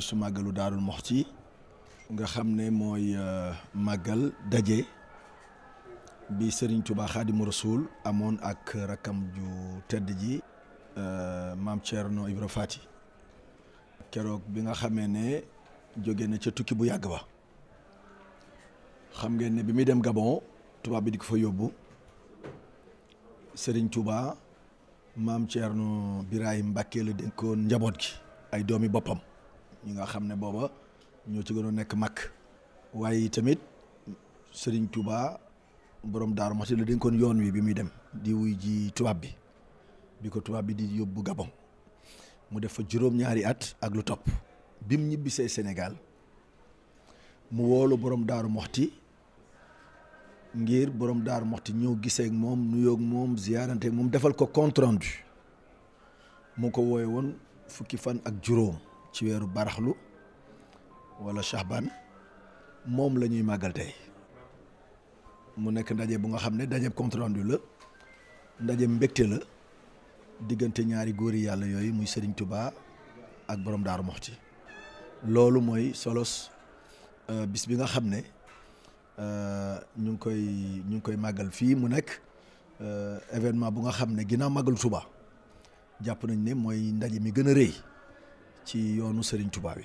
bisu màggalu Daarul Moxti nga xam ne mooy euh, màggal daje bi Serigne Touba Xaadimu Rasuul amoon ak rakkam ju tedd ji euh, maam Thierno Ibra Fati keroog bi nga xamee ne jóge na ca tukki bu yàgg ba xam ngeen ne bi muy dem Gabon tubaab bi di ko fa yóbbu sëriñ Touba maam Thierno Birahim Mbacke la dénkoon njaboot gi ay doomi boppam ñi nga xam ne booba ñoo ci gënoon nekk mag waaye tamit Serigne tubaa borom Daaru Muxti la dénkoon yoon wi bi muy dem di wuy ji tubaab bi bi ko tubaab bi di yóbbu Gabon mu def fa juróom-ñaari at ak lu topp bim ñibbisee Sénégal mu woolu borom Daaru moxti ngir borom Daaru Muxti ñëw giseek ak moom nuyoo ak moom ziyaarante moom defal ko compte rendu mu ko wooye woon fukki fan ak juróom ci wéru baraxlu wala shahban mom lañuy magal tay mu nek ndaje bu nga xam ndaje contre rendu la ndaje mbekté la digënté ñaari yi yalla yoy muy Serigne Touba ak borom daru Moxti lolu moy solos euh, bis bi nga xam euh, ñu koy ñu ngi koy màggal fii mu euh, événement bu nga ne magal Touba japp nañ ne moy ndaje mi gëna ci yoonu Serigne Touba bi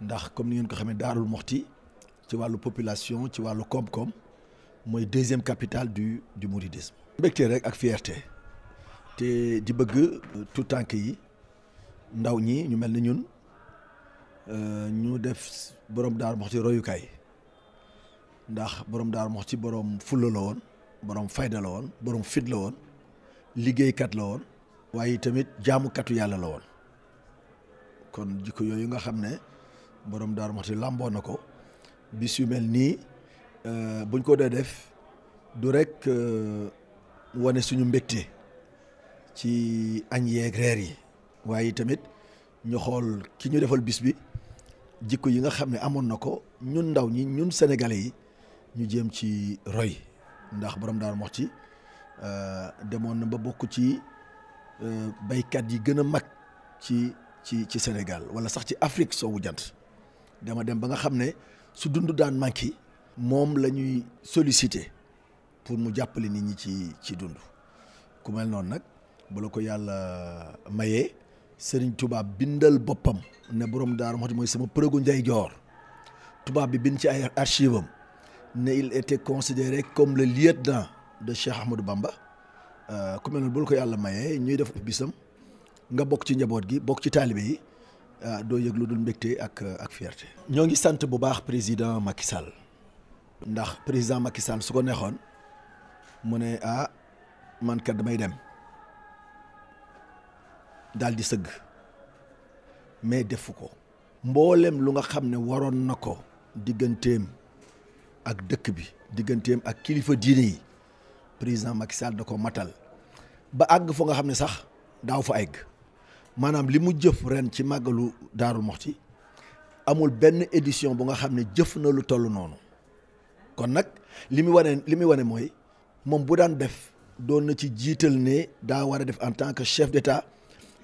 ndax comme ni ngeen ko xamé darul ci population ci walu koom deuxième capitale du du mouridisme. mbecté rek ak fierté te di bëgg tout tànk yi ndaw ñi ñu melni ñun euh ñu def borom Daaru royu kay ndax borom dar Moxti borom fulla la borom fayda borom fit kat la tamit kon jikko yooyu nga xam ne borom Darou Mouhty làmboo na ko bis yu mel nii euh, buñ ko dee def du rek euh, wane suñu mbégte ci añ yeeg reer yi waaye tamit ñu xool ki ñu defal bis bi jikko yi nga xam ne amoon na ko ñun ndaw ñi ñun sénégalais yi ñu jéem ci roy ndax borom Darou Mouhty demoon na ba bokk ci euh, baykat yi gën a mag ci ci ci Sénégal wala sax ci Afrique soowu jant dama dem ba nga xam su dundu daan manki mom la solliciter pour mu jappali nit ñi ci ci dundu ku mel non nak bu la ko yàlla Serigne Touba bindal bopam ne borom Daaru Muxti moy sama përëgu ndey jor touba bi bind ci ay archive ne il était considéré comme le lieutenant de Cheikh Ahmadou Bamba euh, ku mel non bu la ko yàlla mayee ñuy def bisam nga bokk ci njaboot gi bokk ci taalibe yi ah, doo yëg lu dul mbégte ak ak fierté. ñoo ngi sant bu baax président Macky Sall ndax président Macky Sall su ko neexoon mu ne ah man kat damay dem dal di sëgg mais defu ko. mboolem lu nga xam ne waroon na ko digganteem ak dëkk bi digganteem ak kilifa diine yi président Macky Sall da ko matal ba àgg fa nga xam ne sax daaw fa egg. Manam limu jëf ren ci màggalu darul Moxti amul benn édition bu nga xamné ne jëf na lu toll noonu kon nak limi wone limi wone moy mom bu daan def doon na ci ne da wara def en tant que chef d'état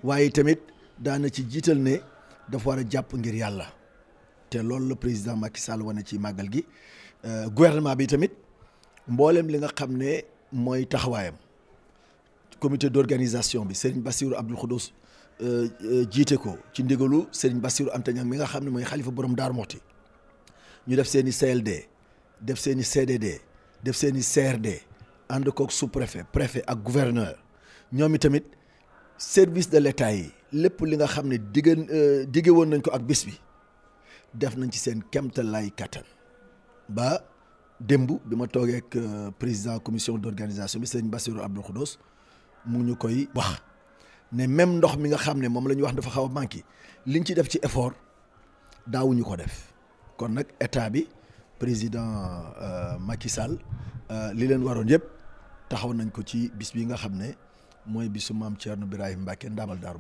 waye tamit da na ci jiital ne da wara japp ngir yalla té loolu le président Macky Sall wane ci magal gi euh, gouvernement bi tamit mbollem li nga xamné moy taxawayam comité d'organisation bi Serigne Bassirou abdou khodous Euh, euh, jiite ko ci ndigalu Serigne Bassirou Anta Niang mi nga xam ne mooy xalifa borom daar Mouhty ñu def seeni i CLD def seeni i CDD def seen i CRD ànd koog sous-préfet préfet ak gouverneur ñoom itamit service de l'État yi lépp li nga xam ne digga euh, digge woon nañ ko ak bis bi def nañ ci seen kemtalaay kattan ba démb bi ma toogeek ak président commission d'organisation bi Serigne Bassirou Abdou Khoudoss mu ñu koy wax. ne même ndox mi nga xam mom lañu wax dafa xawa manki liñ ci def ci effort daawuñu ko def kon nak état bi président euh, Macky Sall euh, li leen waroon yeb taxaw nañ ko ci bis bi nga xam moy bisu maam Thierno Ibrahim Mbacke ndamal Daaru